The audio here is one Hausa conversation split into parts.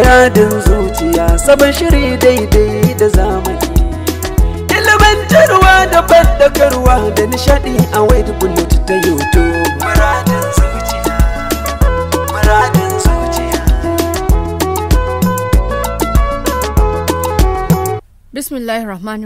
Muradin zuciya sabon shiri daidai da zamani Ilimantarwa da bandakarwa da nishadi a wade bullet ta YouTube Muradin zuciya Muradin zuciya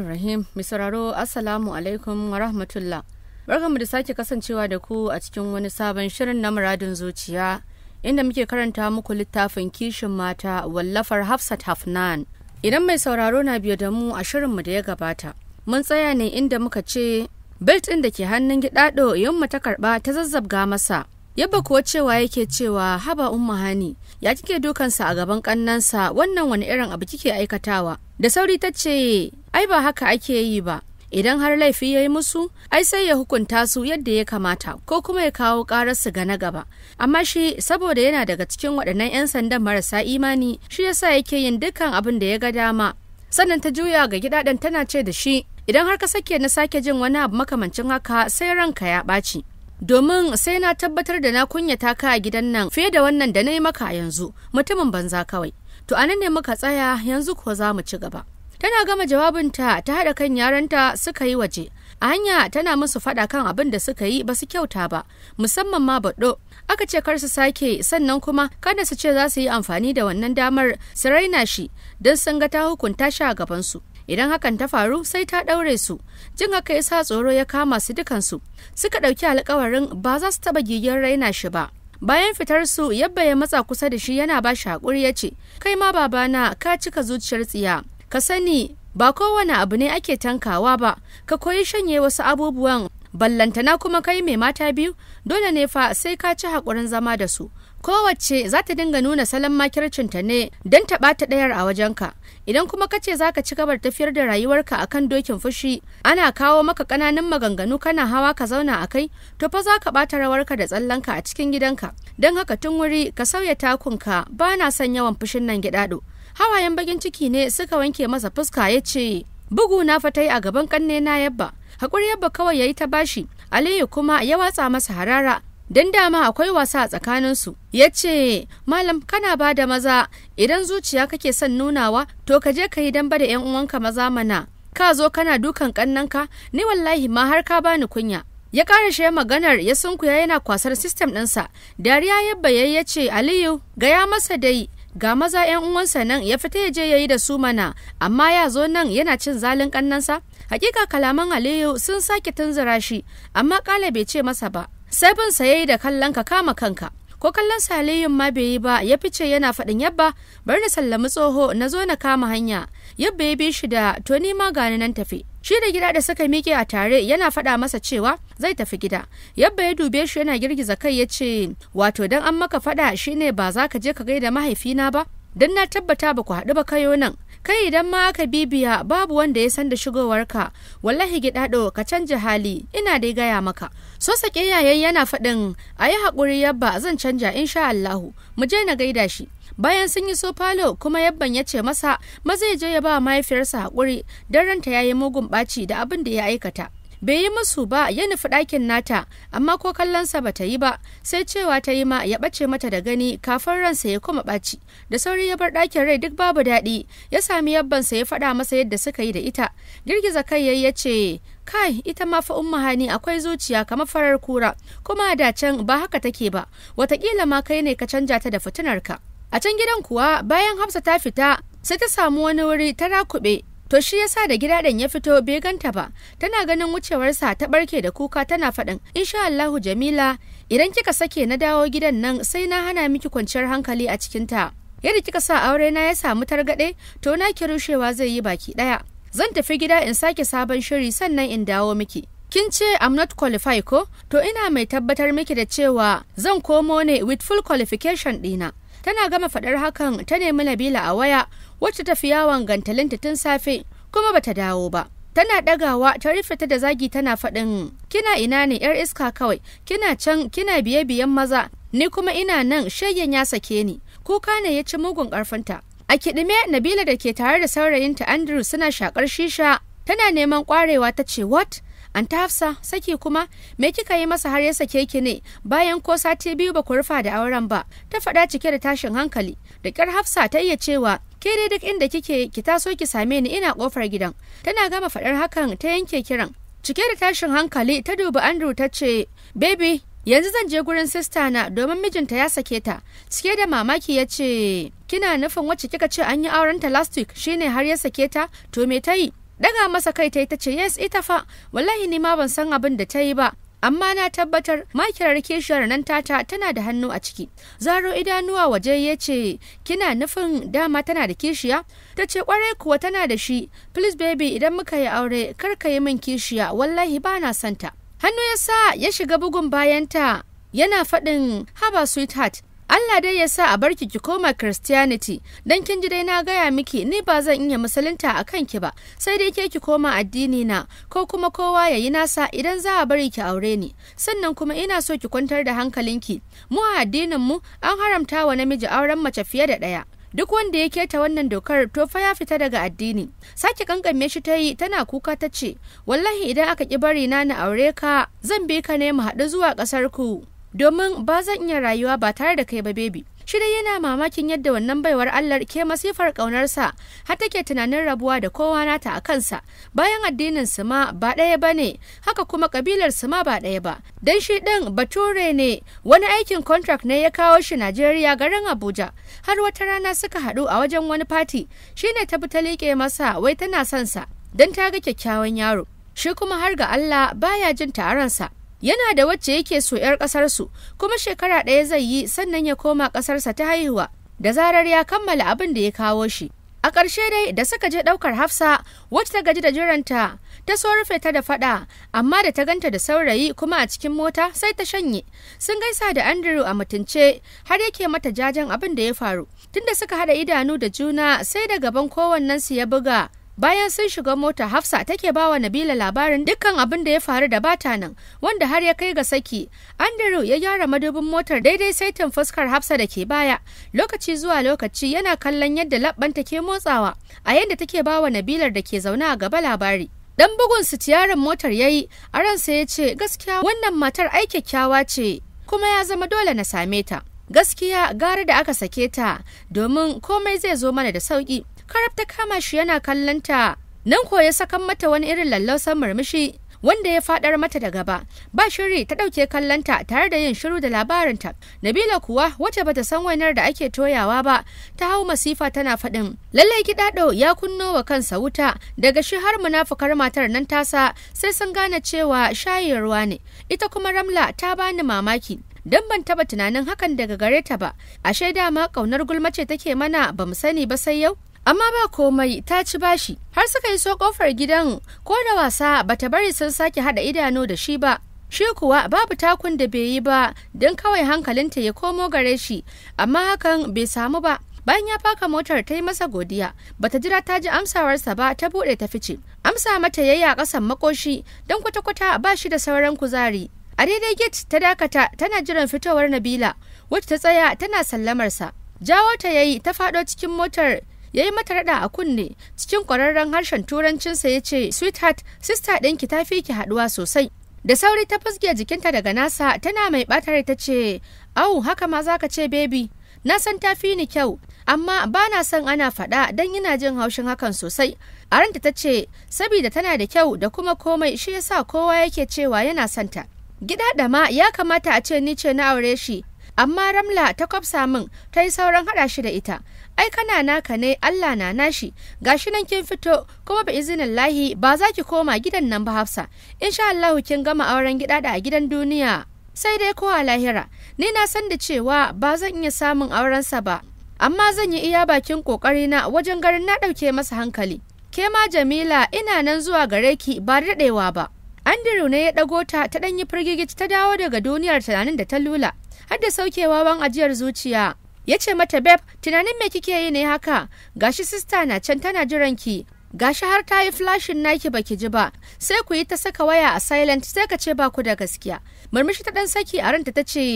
rahim, Misararo Assalamu alaikum wa rahmatullah Barkanmu da sake kasancewa da ku a cikin wani sabon shirin na muradin zuciya inda muke karanta muku littafin kishin mata wallafar Hafsat Hafnan. Idan mai sauraro na biyo da mu a shirinmu da ya gabata, mun tsaya ne inda muka ce belt ɗin da ke hannun gidaɗo yamma ta karɓa ta zazzab ga masa. Yabba kuwa cewa yake cewa haba umma hani ya kike dukansa a gaban ƙannansa wannan wani irin abu kike aikatawa. Da sauri ta ce ai ba haka ake yi ba. idan har laifi ya yi musu ai sai ya hukunta su yadda ya kamata ko kuma ya kawo ƙararsu ga na gaba amma shi saboda yana daga cikin waɗannan 'yan sandan marasa imani shi yasa yake yin dukkan abin da ya ga dama sannan ta juya ga gidaɗen tana ce da shi idan har ka sake na sake jin wani abu makamancin haka sai ranka ya ɓaci domin sai na tabbatar da na kunyata ka a gidan nan fiye da wannan da na yi maka yanzu mutumin banza kawai to anan ne muka tsaya yanzu ko za mu ci gaba tana gama jawabinta ta haɗa kan yaranta suka yi waje anya tana musu faɗa kan abin da suka yi ba su kyauta ba musamman ma baɗo aka ce kar su sake sannan kuma kada su ce za su yi amfani da wannan damar su raina shi don sun ga ta hukunta shi a gabansu idan hakan ta faru sai ta ɗaure su jin haka ya sa tsoro ya kama su dukansu suka ɗauki alkawarin ba za su taɓa gigiyar raina shi ba bayan fitar su yabba ya matsa kusa da shi yana ba shi haƙuri ya ce kai ma babana ka cika zuciyar tsiya ka sani ba kowane abu ne ake tankawa ba ka koyi shanye wasu abubuwan ballantana kuma kai mai mata biyu dole ne fa sai ka ci haƙurin zama da su kowace za ta dinga nuna salon makircinta ne don ta ɗayar a wajenka idan kuma ka ce za ka ci gabar tafiyar da rayuwarka a kan dokin fushi ana kawo maka ƙananan maganganu kana hawa ka zauna a kai to fa za ka ɓata rawarka da tsallanka a cikin gidanka don haka tun wuri ka sauya takunka ba na son yawan fushin nan gidaɗo hawayen bakin ciki ne suka wanke masa fuska ya ce bugu na fatai a gaban kanne na yabba hakuri yabba kawai yayi ta bashi aliyu kuma ya watsa masa harara dan dama akwai wasa a su ya ce malam kana ba da maza idan zuciya kake son nunawa to ka je ka yi dan da 'yan uwanka maza mana ka zo kana dukan kannan ka. ni wallahi ma har ka bani kunya ya karashe maganar ya sunkuya yana kwasar sistem ɗinsa dariya ya baye ya ce aliyu gaya masa dai ga maza 'yan uwansa nan ya fita ya je ya yi da su mana amma ya zo nan yana cin zalin kannansa hakika kalaman aliyu sun sake tunzura shi amma kala bai ce masa ba sai bin sa yayi da kallon ka kama kanka ko kallon sa aliyu ma bai yi ba ya fice yana faɗin yabba bari na sallami tsoho na zo na kama hanya yabba ya bi shi da to ni ma gani nan tafi shi da gida da suka miƙe a tare yana faɗa masa cewa zai tafi gida yabba ya dube shi yana girgiza kai ya ce wato dan an maka faɗa shine ba za ka je ka gaida mahaifina ba dan na tabbata ba ku haɗu ba kayo nan kai idan ma aka bibiya babu wanda ya san da shigowarka wallahi ɗo ka canja hali ina dai gaya maka so sake yayan yana faɗin a yi haƙuri yabba zan canja insha Allahu mu je na gaida shi bayan sun yi falo kuma yabban ya ce masa maza ya je ya ba mahaifiyarsa haƙuri don ranta ya yi mugun ɓaci da abin da ya aikata bai yi musu ba ya nufi ɗakin nata amma ko kallonsa ba ta yi ba sai cewa ta yi ma ya ɓace mata da gani kafin ransa ya kuma ɓaci da sauri ya bar ɗakin rai duk babu daɗi ya sami yabbansa ya faɗa masa yadda suka yi da ita girgiza kai yayi ya ce kai ita ma fa umma akwai zuciya kamar farar kura kuma da can ba haka take ba watakila ma kai ne ka canja ta da fitinarka a can gidan kuwa bayan hafsa ta fita sai ta samu wani wuri ta rakuɓe to shi yasa da gidaɗen ya fito bai ganta ba tana ganin wucewarsa ta barke da kuka tana faɗin insha Allahu Jamila idan kika sake na dawo gidan nan sai na hana miki kwanciyar hankali a cikin ta yadda kika sa aure na ya samu targaɗe to na ki rushewa zai yi baki ɗaya zan tafi gida in sake sabon shiri sannan in dawo miki kin ce I'm not qualified ko to ina mai tabbatar miki da cewa zan komo ne with full qualification ɗina tana gama faɗar hakan ta nemi nabila a waya wacce ta fi yawon gantalinta tun safe kuma bata dawo ba tana ɗagawa ta rufe ta da zagi tana faɗin kina ina ne yar iska kawai kina can kina biye biyen maza ni kuma ina nan shayyan ya sake ni kuka ne ya ci mugun karfinta. a kiɗime nabila da ke tare da saurayinta andrew suna shakar shisha tana neman kwarewa ta ce what an ta hafsa saki kuma me kika yi masa har ya sake ki ne bayan ko sati biyu ba ku rufa da auren ba ta faɗa cike da tashin hankali da ƙyar hafsa ta iya cewa ke dai duk inda kike ki taso ki same ni ina ƙofar gidan tana gama faɗar hakan ta yanke kiran cike da tashin hankali ta dubi andrew ta ce baby yanzu zan je gurin sista na domin mijinta ya sake ta cike da mamaki ya ce kina nufin wacce kika ce an yi auren ta last week shine har ya sake ta to me ta yi daga masa kai ta yi ta ce yes ita fa wallahi ni ma ban san abin da ta yi ba amma na tabbatar makirar kishiyar nan tata tana da hannu a ciki zaro idanuwa waje ya ce kina nufin dama tana da kishiya ta ce kwarai kuwa tana da shi please baby idan muka yi aure kar ka yi min kishiya wallahi ba na santa hannu ya sa ya shiga bugun bayanta yana faɗin haba sweetheart Allah dai ya sa a barki ki koma Christianity don kin ji dai na gaya miki ni ba zan iya musulunta a kanki ba sai dai ke ki koma addini na ko kuma kowa ya yi nasa idan za a bari ki aure ni sannan kuma ina so ki kwantar da hankalinki mu a addinin mu an haramta wa namiji auren mace fiye da ɗaya duk wanda ya keta wannan dokar to fa ya fita daga addini sake kankame shi ta yi tana kuka ta ce wallahi idan aka ki bari na na aure ka zan bi ka ne mu haɗu zuwa ƙasar ku domin ba zan iya rayuwa ba tare da kai ba bebi shi dai yana mamakin yadda wannan baiwar Allah ke masifar ƙaunarsa har take tunanin rabuwa da kowa nata a kansa bayan addinin su ma ba ɗaya ba ne haka kuma ƙabilar su ma ba ɗaya ba dan shi ɗin bature ne wani aikin contract ne ya kawo shi Najeriya garin Abuja har wata rana suka haɗu a wajen wani fati ne ta fita ta liƙe masa wai tana son sa dan ta ga kyakkyawan yaro shi kuma har ga Allah baya jin taron sa yana da wacce yake so 'yar ƙasarsu kuma shekara ɗaya zai yi sannan ya koma ƙasarsa ta haihuwa da zarar ya kammala abin da ya kawo shi a ƙarshe dai da suka je ɗaukar hafsa wacce ta gaji da jiranta ta so rufe ta da faɗa amma da ta ganta da saurayi kuma a cikin mota sai ta shanye sun gaisa da andrew a mutunce har yake mata jajen abin da ya faru tunda suka haɗa idanu da juna sai da gaban kowannensu ya buga Bayan sun shiga mota Hafsa take bawa Nabila labarin dukkan abin da ya faru da bata nan wanda har ya kai ga saki. Andrew ya gyara madubin motar daidai saitin fuskar Hafsa da ke baya. Lokaci zuwa lokaci yana kallon yadda labbanta ke motsawa a yadda take bawa Nabilar da ke zaune a gaba labari. Dan bugun su tiyarin motar yayi, a ransa ya ce gaskiya wannan matar ai kyakkyawa ce kuma ya zama dole na same ta. Gaskiya gara da aka sake ta domin komai zai zo mana da sauki. karab ta kama shi yana kallonta nan ko ya sakan mata wani irin lallausan murmushi wanda ya fadar mata da gaba ba shiri ta dauke kallonta tare da yin shiru da labarinta nabila kuwa wacce bata san wainar da ake toyawa ba ta hau masifa tana faɗin lallai gidado ya kunno wa kansa wuta daga shi har munafukar matar nan tasa sai sun gane cewa shayarwa ne ita kuma ramla ta bani mamaki don ban taba tunanin hakan daga gare ta ba ashe dama ƙaunar gulma ce take mana ba mu sani ba sai yau amma ba komai ta ci bashi har suka iso kofar gidan ko da wasa ta bari sun sake hada idanu da shi ba shi kuwa babu takun da bai yi ba don kawai hankalinta ya komo gare shi amma hakan bai samu ba bayan ya faka motar ta yi masa godiya bata jira ta ji amsawarsa ba ta bude ta fice amsa mata ya yi a kasan makoshi don kwata-kwata ba shi da sauran kuzari a daidai gate ta dakata tana jiran fitowar nabila wacce ta tsaya tana sallamarsa jawo ta yayi ta faɗo cikin motar ya yi mata raɗa a kunne cikin kwararren harshen turancinsa ya ce sweetheart sister ɗinki ta fi ki haɗuwa sosai da sauri ta fusge jikinta daga nasa tana mai ɓata rai ta ce au haka ma zaka ce baby na san ta fi ni kyau amma ba na son ana faɗa don yana jin haushin hakan sosai a ranta ta ce sabida tana da kyau da kuma komai shi yasa kowa yake cewa yana santa gida da ma ya kamata a ce ni ce na aure shi amma ramla ta kwafsa min ta yi sauran haɗa shi da ita ai kana naka ne Allah na nashi gashi nan kin fito kuma ba izinin lahi ba za ki koma gidan nan ba Hafsa insha Allah kin gama auren gida da a gidan duniya sai dai ko a lahira ni na san da cewa ba zan iya samun aurensa ba amma zan yi iya bakin kokari na wajen garin na dauke masa hankali ke ma Jamila ina nan zuwa gare ki ba daɗewa ba Andrew ne ya ɗago ta ta ɗan yi firgigici ta dawo daga duniyar tunanin da ta lula har da saukewa ban ajiyar zuciya ya ce mata beb tunanin me kike yi ne haka gashi sista na can tana jiran ki gashi har ta yi flashin naki baki ji ba sai ku yi ta saka waya a silent sai ka ce ba ku da gaskiya murmushi ta dan saki a ranta ta ce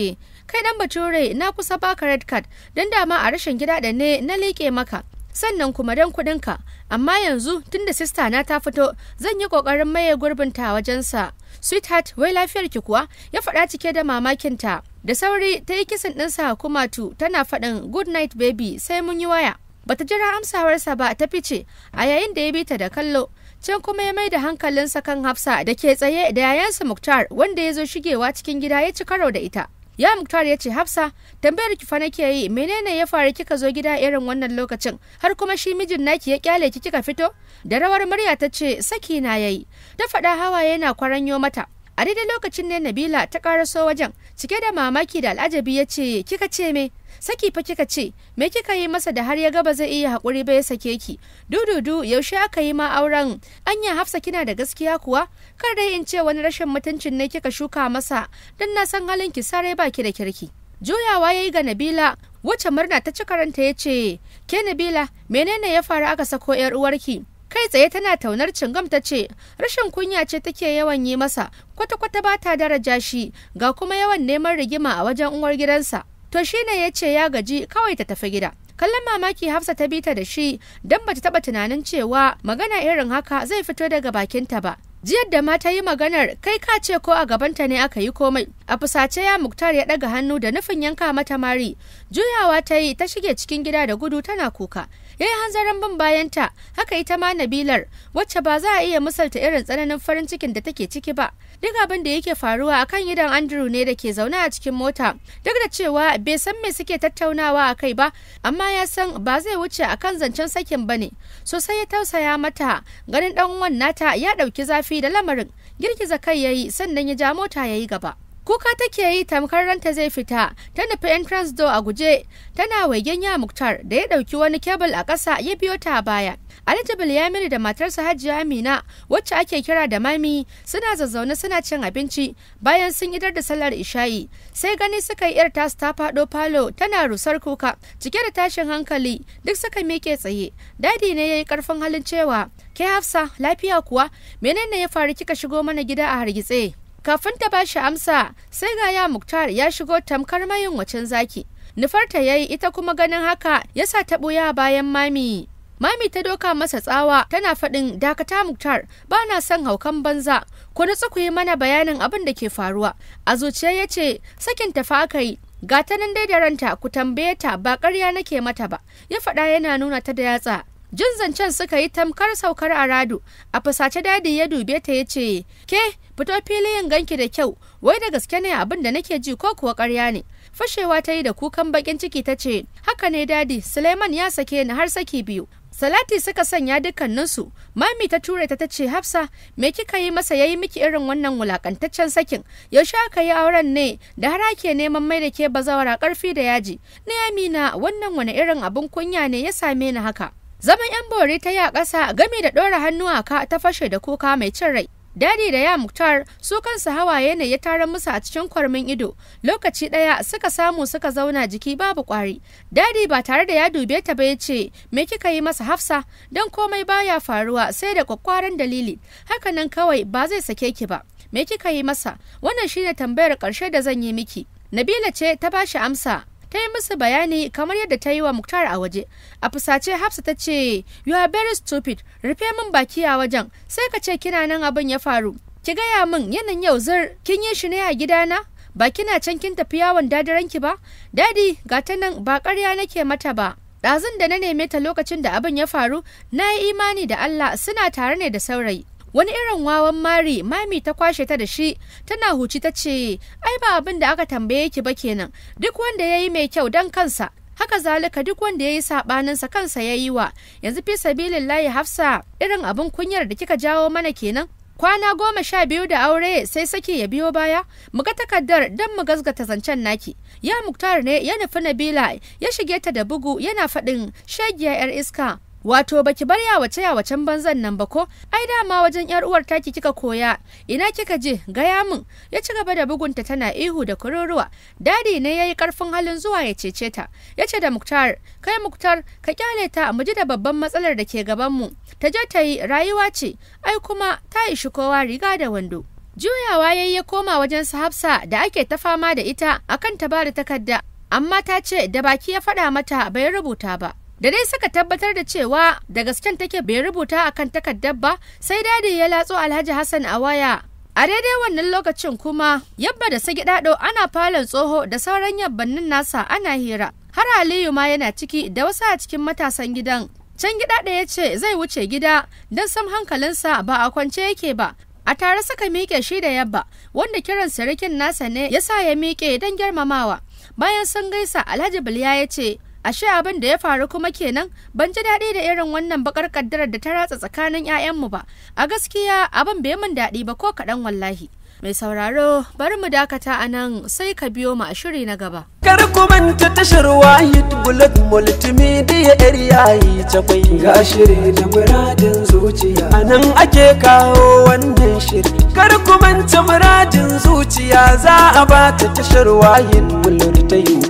kai dan bature na kusa baka red card dan dama a rashin gida da ne na leke maka sannan kuma don kuɗinka amma yanzu tunda sista na ta fito zan yi ƙoƙarin maye gurbinta wajensa sweetheart wai lafiyar ki kuwa ya faɗa cike da mamakinta da sauri ta yi kisan ɗinsa kumatu tana faɗin good night baby sai mun yi waya bata jira amsawarsa ba ta fice a yayin da ya bi ta da kallo can kuma ya mai da hankalinsa kan hafsa da ke tsaye da yayansa muktar wanda ya zo shigewa cikin gida ya ci karo da ita ya muktar ya ce hafsa tambayar ki fa ke yi menene ya faru kika zo gida irin wannan lokacin har kuma shi mijin naki ya kyale ki kika fito da rawar murya ta ce saki na yayi ta faɗa hawaye na kwaranyo mata a daidai lokacin ne nabila ta karaso wajen cike da mamaki da al'ajabi ya ce kika ce me saki fa kika ce me kika yi masa da har ya gaba zai iya haƙuri ba ya sake ki dududu yaushe aka yi ma auren anya hafsa kina da gaskiya kuwa kar dai in ce wani rashin mutuncin ne kika shuka masa don na san halin ki sarai baki da kirki juyawa ya yi ga nabila wacce murna ta ci karanta ya ce ke nabila menene ya faru aka sako yar uwarki kai tsaye tana taunar cingam ta ce rashin kunya ce take yawan yi masa kwata-kwata ba ta daraja shi ga kuma yawan neman rigima a wajen uwar gidansa to shi ne ya ce ya gaji kawai ta tafi gida kallon mamaki hafsa ta bita da shi don bata taba tunanin cewa magana irin haka zai fito daga bakinta ba jiyar da ma ta yi maganar kai ka ce ko a gabanta ne aka yi komai a fusace ya muktar ya ɗaga hannu da nufin yanka mata mari juyawa ta yi ta shige cikin gida da gudu tana kuka ya yi hanzarin bin bayanta haka ita ma nabilar wacce ba za a iya misalta irin tsananin farin cikin da take ciki ba duk abin da yake faruwa akan idan andrew ne da ke zaune a cikin mota duk da cewa bai san me suke tattaunawa a kai ba amma ya san ba zai wuce akan zancen sakin ba ne sosai ya tausaya mata ganin dan uwan nata ya ɗauki zafi da lamarin girgiza kai ya yi sannan ya ja mota ya yi gaba kuka take yi tamkar ranta zai fita ta nufi entrance door a guje tana waigen ya muktar da ya ɗauki wani kebul a ƙasa ya biyo ta a baya ya Yamini da matarsa Hajiya Amina wacce ake kira da Mami suna zazzaune suna cin abinci bayan sun idar da sallar ishayi. sai gani suka yi yar su ta faɗo falo tana rusar kuka cike da tashin hankali duk suka miƙe tsaye dadi ne ya yi ƙarfin halin cewa ke Hafsa lafiya kuwa menene ya faru kika shigo mana gida a hargitse kafin ta ba shi amsa sai ga ya muktar ya shigo tamkar mayin wacin zaki nufarta ya yi ita kuma ganin haka ya sa ta ɓuya bayan mami mami ta doka masa tsawa tana faɗin dakata muktar ba na son haukan banza ku nutsu ku yi mana bayanin abin da ke faruwa a zuciya ya ce sakin tafa aka yi ga ta nan dai da ranta ku tambaye ta ba ƙarya nake mata ba ya faɗa yana nuna ta da yatsa jin zancen suka yi tamkar saukar aradu. a fusace dadi ya dube ta ya ce ke fito filin ganki da kyau wai da gaske ne abin da nake ji ko kuwa ƙarya ne fashewa ta yi da kukan bakin ciki ta ce haka ne dadi suleiman ya sake ni har saki biyu salati suka sanya dukkaninsu mami ta ture ta tace hafsa me kika yi masa yayi miki irin wannan wulakantaccen sakin yaushe aka yi auren ne da har ake neman mai da ke bazawara karfi da yaji ni amina wannan wani irin abin kunya ne ya same ni haka zaman yan bore ta yi a ƙasa game da ɗora hannu a ka ta fashe da kuka mai cin rai Dadi da ya Muktar su kansu hawaye ne ya tara musu a cikin kwarmin ido. Lokaci ɗaya suka samu suka zauna jiki babu ƙwari. Dadi ba tare da ya dube ta ba ya ce, "Me kika yi masa Hafsa?" Don komai baya faruwa sai da kwakwaran dalili. Haka nan kawai ba zai sake ki ba. Me kika yi masa? Wannan shine tambayar ƙarshe da zan yi miki. Nabila ce ta bashi amsa. ta yi musu bayani kamar yadda ta yi wa muktar a waje a fusace hafsa ta ce you are very stupid rufe min baki a wajen sai ka ce kina nan abin ya faru ki gaya min yanin yau zur kin yi shi ne a gidana ba kina can kin tafi yawon ki ba dadi ga ta nan ba ƙarya nake mata ba ɗazun da na neme ta lokacin da abin ya faru na yi imani da Allah suna tare ne da saurayi wani irin wawan mari mami ta kwashe ta da shi tana huci ta ce ai ba abin da aka tambaye ki ba kenan duk wanda ya yi mai kyau don kansa haka zalika duk wanda ya yi saɓaninsa kansa ya yi wa yanzu fi sabilin layi hafsa irin abin kunyar da kika jawo mana kenan kwana goma sha biyu da aure sai saki ya biyo baya mu ga takardar don mu gazgata zancen naki ya muktar ne ya nufi nabila ya shige ta da bugu yana faɗin shagiya yar iska Wato baki bar yawace yawacen banzan nan ba ko? Ai dama wajen yar uwar taki kika koya. Ina kika je? Gaya mun. Ya ci gaba da bugunta tana ihu da kururuwa. Dadi ne yayi karfin halin zuwa ya cece ta. Ya da Muktar, "Kai Muktar, ka kyale ta mu ji da babban matsalar da ke gaban mu. Ta je ta yi rayuwa ce. Ai kuma ta ishi kowa riga da wando." Juyawa yayi ya koma wajen su Hafsa da ake ta fama da ita akan ta bada takarda. Amma ta ce da baki ya faɗa mata bai rubuta ba. da dai suka tabbatar da cewa da gasken take bai rubuta a kan takardar ba sai dadi ya latso alhaji hassan a waya a daidai wannan lokacin kuma yabba da sagi dado ana falon tsoho da sauran yabbannin nasa ana hira har aliyu ma yana ciki da wasu a cikin matasan gidan can gida da ya ce zai wuce gida don sam hankalinsa ba a kwance yake ba a tare suka miƙe shi da yabba wanda kiran sarikin nasa ne ya sa ya miƙe don girmamawa bayan sun gaisa alhaji bilya ya ce ashe abin da ya faru kuma kenan ban ji daɗi da irin wannan bakar kaddarar da ta ratsa tsakanin 'ya'yanmu ba a gaskiya abin bai min daɗi ba ko kaɗan wallahi mai sauraro bari mu dakata a nan sai ka biyo mu a shiri na gaba kar ku manta tashar wahid bullet multimedia area yi takwai ga shiri da muradin zuciya a nan ake kawo wannan shiri kar ku manta muradin zuciya za a ba ta tashar wahid bullet ta yi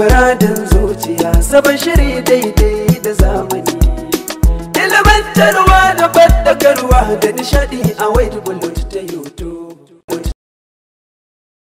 muradin zuciya sabon shiri daidai da zamani ilimantarwa da fadakarwa da nishadi a wade bullet